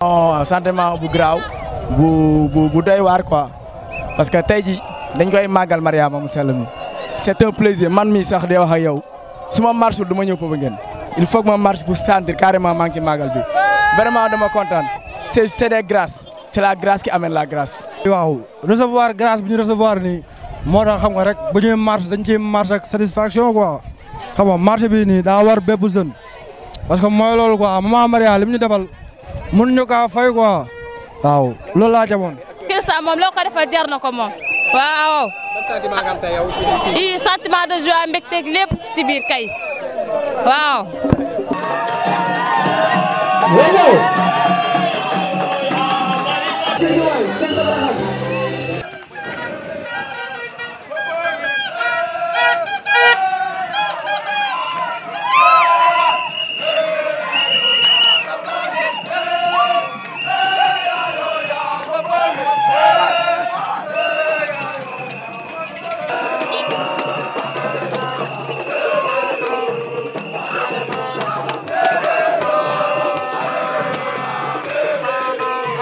non sentiment bu graaw bu bu bu doy waar quoi parce que tey ji dañ koy màggal Mariama mu sell mi c'est un man mii sax di wax ak yow su ma marche du ma ñëw foofu ngeen il faut que ma marche pour sentir carrément maa ngi ci màggal bi vraiment dama kontaan c'est c'est des grâces c'est la grace qui amène la grâce. waaw recevoir grâce bi ñu recevoir nii moo tax xam nga rek bu ñuy marché dañ ciy marché ak satisfaction quoi xam nga marché bii nii daa war bépp jeune parce que mooy loolu quoi maman Maria li mu ñu defal mun ñu kaa fay quoi waaw loolu laa jamoon. Christa moom loo ko defal jar ko moom waaw. sentiment nga am tey yow. i sentiment de joie mbégteeg lépp ci biir kay waaw.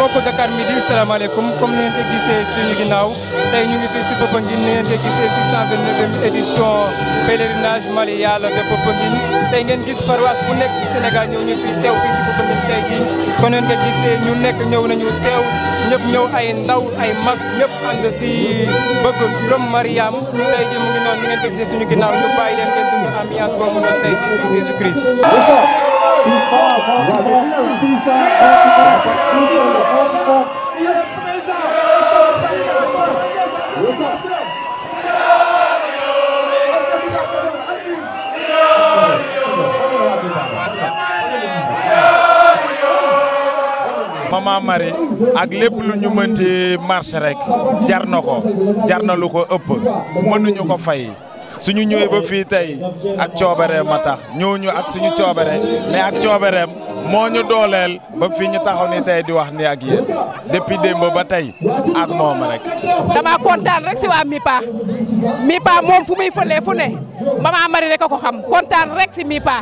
mbokku Dakar Midi salaamaaleykum comme ni ngeen ko gisee suñu ginnaaw tey ñu ngi fii si Popenguine ni ngeen ko gisee 629e édition pèlerinage Mali Yalla de Popenguine tey ngeen bu nekk si Sénégal ñëw ñu fii teew fii si Popenguine tey jii kon ngeen ko nekk ñëw nañu teew ñëpp ñëw ay ndaw ay mag ñëpp ànd si bëgg gëm Mariam tey jii mu ngi noonu suñu ginnaaw ñu bàyyi leen ngeen dund ambiance boobu noonu tey jii si Jésus Christ. maman Marie ak lépp lu ñu mënti marché rek jar na ko jar na lu ko ëpp mënuñu ko suñu ñëwee ba fii tey ak coobareem a tax ak suñu coobare mais ak coobareem moo ñu dooleel ba fi ñu taxaw ni tey di wax ni ak yéen depuis démb ba tey ak moom rek. dama kontaan rek si waa MIPA MIPA moom fu muy fëlee fu ne mama Marie rek a ko xam kontaan rek si MIPA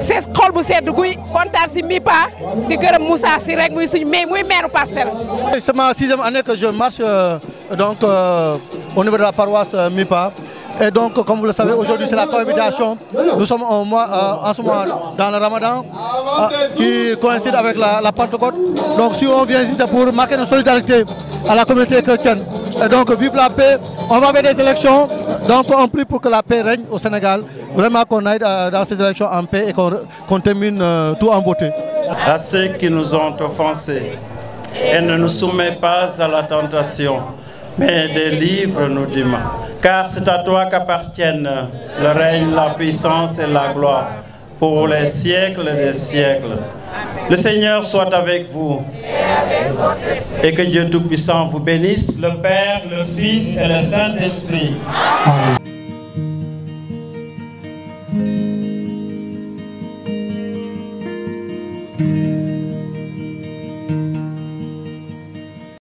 si xol bu sedd guy kontaan si MIPA di gërëm Moussa si rek muy suñu mais muy maire parcelle. c'est ma sixième année que je marche euh, donc euh, Et donc, comme vous le savez, aujourd'hui, c'est la cohabitation. Nous sommes en, mois, euh, dans le ramadan euh, qui coïncide avec la, Pentecôte. Donc, si on vient ici, pour marquer notre solidarité à la communauté chrétienne. Et vive la paix. On va vers des élections. Donc, on prie pour que la paix règne au Sénégal. Vraiment qu'on aille euh, dans ces élections en paix et qu'on termine tout en beauté. À ceux qui nous ont offensés, et ne nous soumets pas à la tentation mais délivre-nous du mal. Car c'est à toi qu'appartiennent le règne, la puissance et la gloire pour les siècles des siècles. Le Seigneur soit avec vous. Et que Dieu Tout-Puissant vous bénisse, le Père, le Fils et le Saint-Esprit.